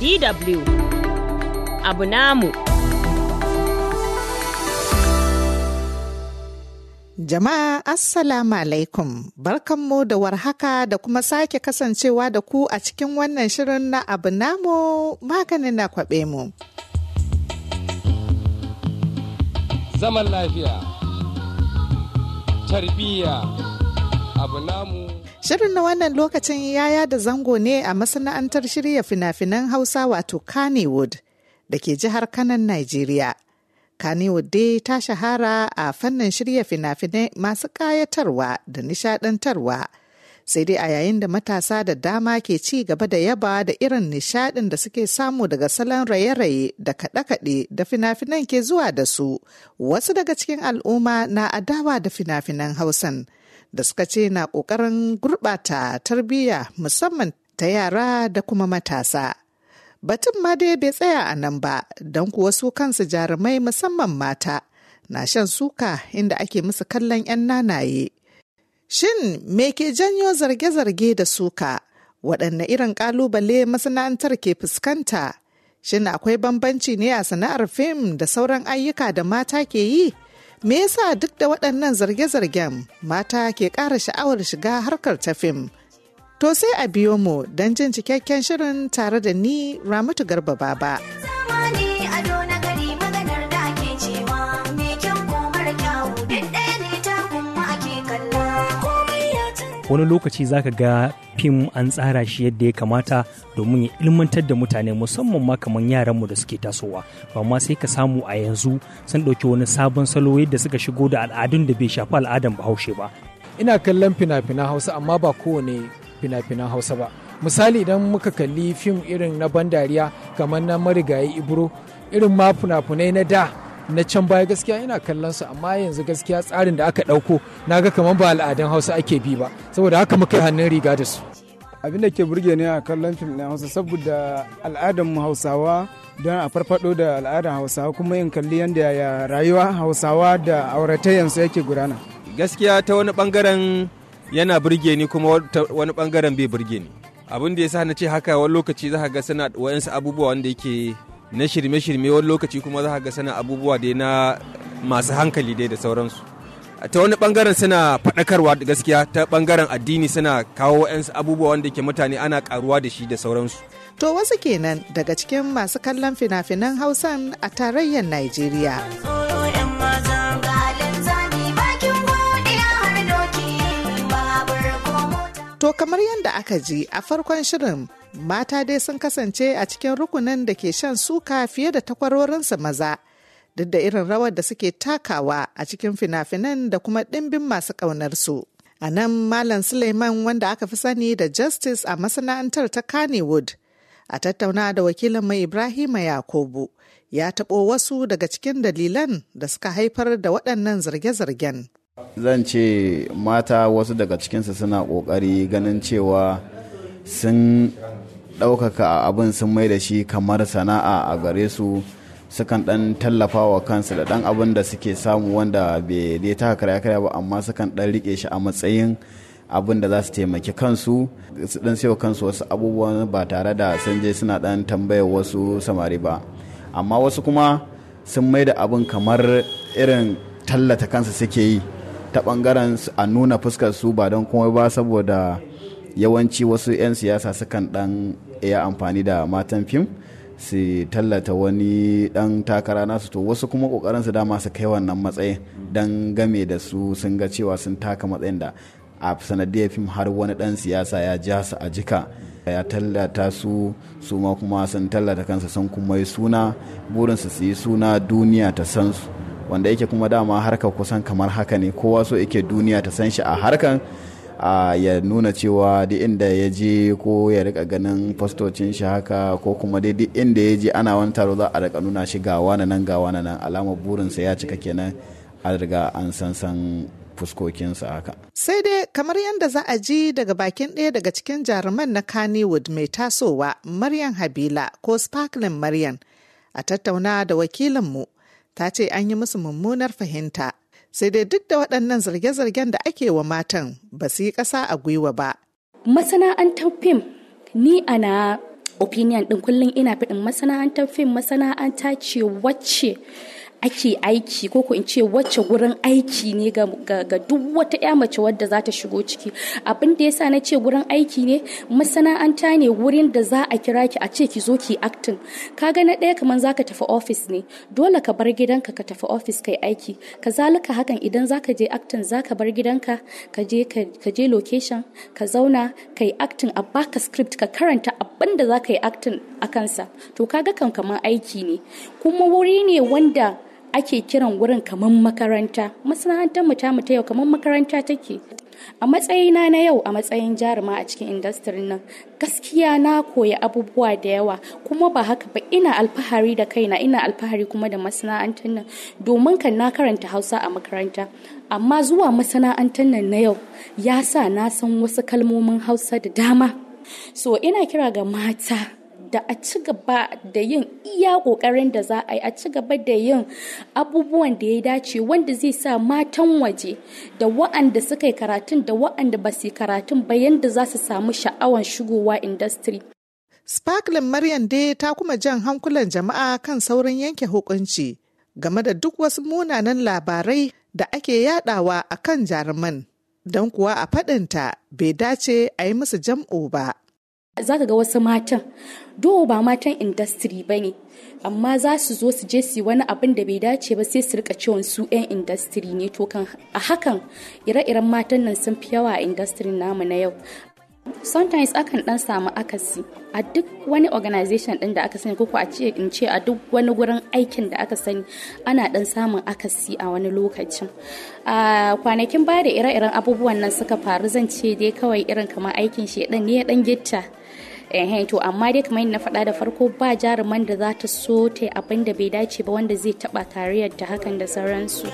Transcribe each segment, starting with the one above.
DW abu namu. Jama'a Assalamu alaikum barkanmu da warhaka da kuma sake kasancewa da ku a cikin wannan shirin na abu namu maganin na kwaɓe mu. Zaman lafiya, tarbiyya, abu namu. Shirin na wannan lokacin yaya da zango ne a masana'antar shirya fina-finan Hausa wato Kannywood da ke jihar Kanan Najeriya. Kannywood dai ta shahara a fannin shirya fina-finai masu kayatarwa da nishaɗantarwa. sai dai a yayin da matasa da dama ke ci gaba da yaba da irin nishadin da suke samu daga salon raye-raye da kaɗe-kaɗe da fina-finan ke zuwa da su wasu daga cikin al'umma na adawa da fina-finan hausan da suka ce na ƙoƙarin gurɓata tarbiyya musamman ta yara da kuma matasa batun ma dai bai tsaya a nan ba don kuwa su kansu jarumai musamman mata na shan suka inda ake musu kallon 'yan nanaye Shin me ke janyo zarge-zarge da suka? Waɗanne irin ƙalubale masana'antar ke fuskanta? Shin akwai bambanci ne a sana'ar fim da sauran ayyuka da mata ke yi? Me yasa duk da waɗannan zarge-zargen mata ke ƙara sha'awar shiga harkar ta fim? To sai a biyo mu don jin cikakken shirin tare da ni Ramatu Garba Baba. wani lokaci za ka ga fim an tsara shi yadda ya kamata domin ya ilmantar da mutane musamman ma kamar yaranmu da suke tasowa ba ma sai ka samu a yanzu sun ɗauki wani sabon salo yadda suka shigo da al'adun da bai shafi al'adan bahaushe ba ina kallon fina-finan hausa amma ba kowane fina-finan hausa ba misali idan muka kalli fim irin na ban dariya kamar na marigayi ibro irin ma fina-finai na da na can baya gaskiya ina kallon su amma yanzu gaskiya tsarin da aka ɗauko na ga kamar ba al'adun hausa ake bi ba saboda haka muka hannun riga da su abin da ke burge ni a kallon fim na hausa saboda al'adar mu hausawa don a farfado da al'adar hausawa kuma yin kalli yadda ya rayuwa hausawa da yanzu yake gudana gaskiya ta wani bangaren yana burge ni kuma wani bangaren bai burge ni abin da ya sa na ce haka wani lokaci za ka ga suna wayansu abubuwa wanda yake na shirme-shirme wani lokaci kuma za ga sana abubuwa dai na masu hankali dai da sauransu ta wani bangaren suna faɗakarwa da gaskiya ta bangaren addini suna kawo 'yansu abubuwa wanda ke mutane ana karuwa da shi da sauransu to wasu kenan daga cikin masu kallon fina-finan hausan a tarayyar najeriya To kamar yadda aka ji a farkon shirin mata dai sun kasance a cikin rukunin da ke shan suka fiye da takwarorinsu maza duk da irin rawar da suke takawa a cikin fina-finan da kuma ɗimbin masu ƙaunarsu. A nan Malam Suleiman wanda aka fi sani da Justice a masana'antar ta Kannywood a tattauna da wakilin mai Ibrahima Yakubu ya taɓo wasu daga cikin dalilan da suka haifar da waɗannan zarge-zargen. zan ce mata wasu daga cikinsu suna ƙoƙari ganin cewa sun ɗaukaka abin sun mai da shi kamar sana'a a gare su sukan ɗan tallafa wa kansu da ɗan abin da suke samu wanda bai ta karya karya ba amma sukan ɗan rike shi a matsayin abin da za su taimaki kansu su ɗan sayo kansu wasu abubuwan ba tare da sun je suna ɗan tambayar wasu samari ba amma wasu kuma sun mai da abin kamar irin tallata kansu suke yi ta bangaren a nuna fuskar su ba don kuma ba saboda yawanci wasu 'yan siyasa sukan dan iya amfani da matan fim su tallata wani dan takara nasu to wasu kuma kokarin su dama su kai wannan matsayin dan game da su sun ga cewa sun taka matsayin da a sanadiyar fim har wani dan siyasa ya ja su a jika ya tallata su su ma kuma sun tallata kansa sun kuma yi suna burinsu su yi suna duniya ta san su wanda yake kuma dama harkar kusan kamar haka ne kowa so yake duniya ta san shi a harkan a ya nuna cewa duk inda ya je ko ya rika ganin fastocin shi haka ko kuma dai duk inda ya je ana wani taro za a rika nuna shi ga wani nan ga wani nan alamar burinsa ya cika kenan a riga an san san fuskokinsa haka. Sai dai kamar yadda za a ji daga bakin ɗaya daga cikin jaruman na Kannywood mai tasowa Maryam Habila ko Sparkling Maryam a tattauna da wakilinmu ta ce an yi musu mummunar fahimta. Sai dai duk da waɗannan zarge-zargen da ake wa matan ba su yi ƙasa a gwiwa ba. Masana'antar fim ni ana opinion ɗin kullum ina faɗin masana'antar fim masana'anta ce wacce ake aiki ko in ce wacce gurin aiki ne ga, duk wata ya mace wadda za ta shigo ciki abin da yasa na ce gurin aiki ne masana'anta ne wurin da za a kira ki a ce ki zo ki acting kaga na ɗaya kamar za ka tafi ofis ne dole ka bar gidanka ka tafi ofis kai aiki Ka zalika hakan idan za ka je acting ka bar gidanka ka je ka je location ka zauna yi acting a baka script ka karanta abin da ka yi acting a kansa to kaga kan kamar aiki ne kuma wuri ne wanda ake kiran wurin kamar makaranta masana'antar mu ta yau kamar makaranta take a matsayina na yau a matsayin jaruma a cikin industry nan gaskiya na koya abubuwa da yawa kuma ba haka ba ina alfahari da kaina ina alfahari kuma da masana'antar nan domin kan na karanta hausa a makaranta amma zuwa masana'antar nan na yau ya sa na san wasu kalmomin hausa da dama so ina kira ga mata da a ci gaba da yin iya ƙoƙarin da za a yi a ci gaba da yin abubuwan da ya dace wanda zai sa matan waje da wa'anda suka yi karatun da wa'anda ba su yi karatun ba yanda za su samu sha'awar shigowa industry. Sparkling Maryam dai ta kuma jan hankulan jama'a kan saurin yanke hukunci game da duk wasu munanan labarai da ake yadawa a kan jaruman, don kuwa a faɗinta bai dace a yi musu jam'o ba. za ka ga wasu matan do ba matan industry ba ne amma za su zo su je su wani abin da bai dace ba sai su rika cewa su 'yan industry ne to kan a hakan ire-iren matan nan sun fi yawa a industry namu na yau sometimes akan dan samu akasi a duk wani organization din da aka sani koko a ce in ce a duk wani gurin aikin da aka sani ana dan samun akasi a wani lokacin a kwanakin baya da ire-iren abubuwan nan suka faru zan ce dai kawai irin kamar aikin shi dan ne ya dan gitta ehe to amma dai kamar na faɗa da farko ba jaruman da za ta so ta abin da bai dace ba wanda zai taɓa kariyar ta hakan da sauransu.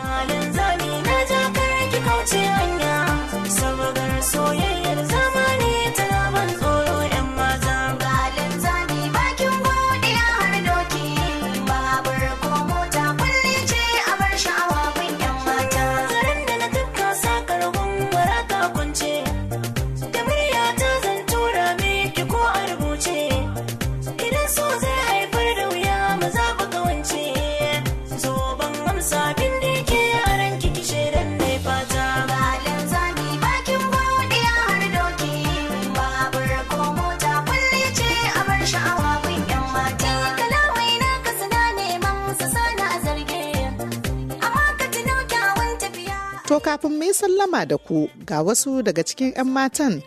To kafin mai sallama da ku ga wasu daga cikin 'yan matan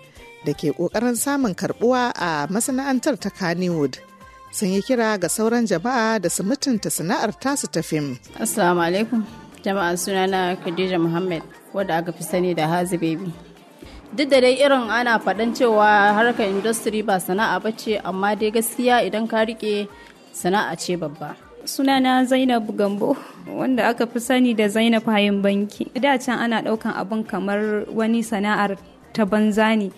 da ke ƙoƙarin samun karbuwa a masana'antar ta Kannywood. Sun yi kira ga sauran jama'a da su mutunta sana'ar tasu ta fim. Assalamu alaikum. Jama'a sunana Khadija Muhammad wadda aka fi sani da Hazi Baby. Duk da dai irin ana faɗan cewa harkar industry ba sana'a ba ce amma dai gaskiya idan ka riƙe sana'a ce babba. sunana zainab gambo wanda aka fi sani da zainab hayin banki da can ana daukan abun kamar wani sana'ar ta banza ne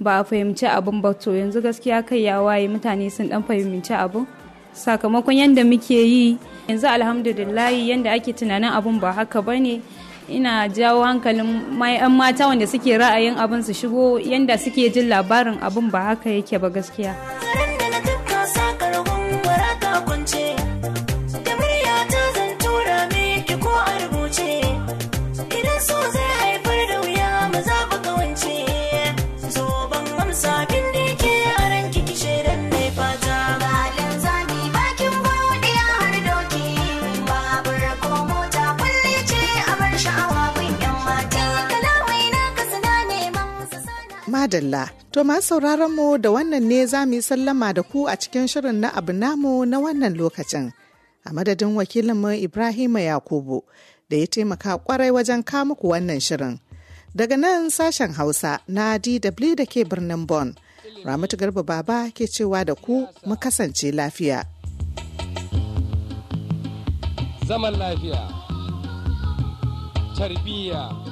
ba a fahimci abun ba to yanzu gaskiya kai ya waye mutane sun dan fahimci abu. sakamakon yadda muke yi yanzu alhamdulillahi yadda ake tunanin abun ba haka ba ne ina jawo hankalin yan mata wanda suke ra'ayin abin su shigo yadda suke jin labarin abin ba haka yake ba gaskiya. madalla. To ma sauraron mu da wannan ne za mu yi sallama da ku a cikin shirin na abu namu na wannan lokacin. A madadin wakilinmu Ibrahima Yakubu da ya taimaka kwarai wajen muku wannan shirin. Daga nan sashen Hausa na DW da ke birnin bon Ramatu Garba Baba ke cewa da ku mu kasance lafiya. Zaman lafiya, tarbiyya.